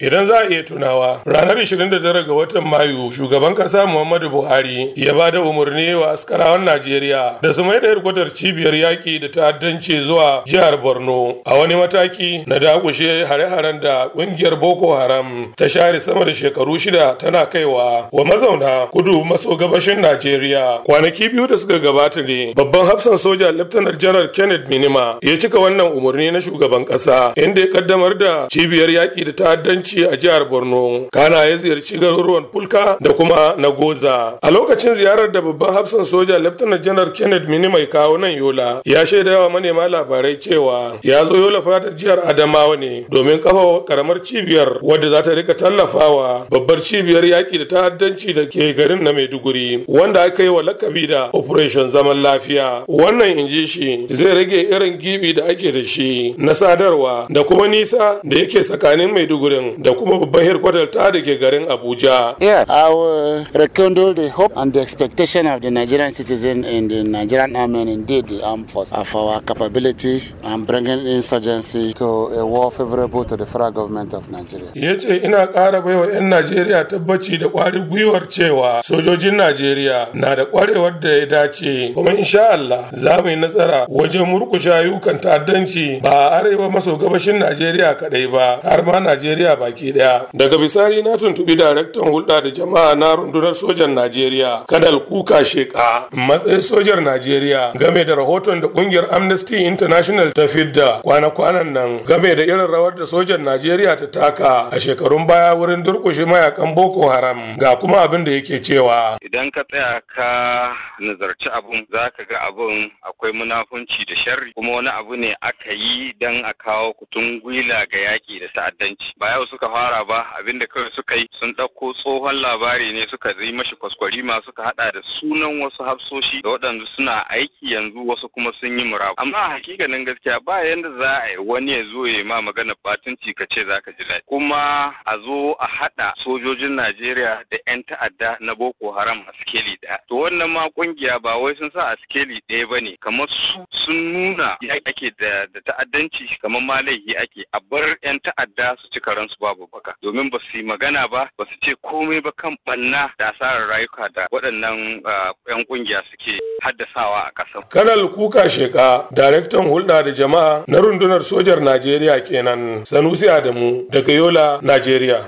Idan za a iya tunawa, ranar 29 ga watan Mayu, shugaban kasa Muhammadu Buhari ya ba da umarni wa askarawan Najeriya da su mai da hirkwatar cibiyar yaƙi da ta'addanci zuwa jihar Borno a wani mataki na dakushe hare-haren da ƙungiyar Boko Haram ta share sama da shekaru shida tana kaiwa wa mazauna kudu maso gabashin Najeriya. Kwanaki biyu da suka gabata ne, babban hafsan soja Laftanar Janar Kenneth Minima ya cika wannan umarni na shugaban kasa inda ya kaddamar da cibiyar yaƙi da ta'addanci kasuwanci a jihar Borno. Kana ya ziyarci garuruwan Fulka da kuma na goza. A lokacin ziyarar da babban hafsan soja Lt. Janar Kenneth Mini mai kawo nan Yola ya shaida wa manema labarai cewa ya zo Yola fadar jihar Adamawa ne domin kafa karamar cibiyar wadda za ta rika tallafawa babbar cibiyar yaƙi da ta'addanci da ke garin na Maiduguri wanda aka yi wa lakabi da Operation Zaman Lafiya. Wannan in ji shi zai rage irin gibi da ake da shi na sadarwa da kuma nisa da yake tsakanin Maidugurin da kuma babban headquarter ta da ke garin Abuja. Yes, I will rekindle the hope and the expectation of the Nigerian citizen in the Nigerian army and indeed the armed force of our capability and bringing insurgency to a war favorable to the federal government of Nigeria. Ya ce ina ƙara baiwa 'yan Najeriya tabbaci da ƙwarin gwiwar cewa sojojin Najeriya na da ƙwarewar da ya dace kuma insha Allah za mu yi nasara wajen murƙushe ayyukan ta'addanci ba a arewa maso gabashin Najeriya kaɗai ba har ma Najeriya ba baki daya daga bisari na tuntubi daraktan hulɗa da jama'a na rundunar sojan najeriya kadal kuka sheka matsayin sojar najeriya game da rahoton da kungiyar amnesty international ta fidda kwana-kwanan nan game da irin rawar da sojan najeriya ta taka a shekarun baya wurin durkushe mayakan boko haram ga kuma abin da yake cewa idan ka tsaya ka nazarci abun za ka ga abun akwai munafunci da sharri kuma wani abu ne aka yi don a kawo kutun gwila ga yaƙi da ta'addanci ba yau suka fara ba abin da kawai suka yi sun ɗauko tsohon labari ne suka yi mashi kwaskwari, masu suka haɗa da sunan wasu hafsoshi da waɗanda suna aiki yanzu wasu kuma sun yi murabu amma hakikanin gaskiya ba yanda za a yi wani ya zo ya ma magana batunci ka ce za ka ji daɗi kuma a zo a haɗa sojojin Najeriya da 'yan ta'adda na Boko Haram a sikeli ɗaya to wannan ma kungiya ba wai sun sa a sikeli ɗaya ba ne kamar su sun nuna ake da ta'addanci kamar ma laifi ake a bar 'yan ta'adda su ci karansu babu baka domin ba su yi magana ba ba su ce komai ba kan banna da asarar rayuka da waɗannan 'yan ah, kungiya suke haddasawa a ƙasa Kanal Kuka Sheka, daraktan hulɗa da jama'a na rundunar sojar Najeriya kenan Sanusi Adamu daga Yola, Najeriya.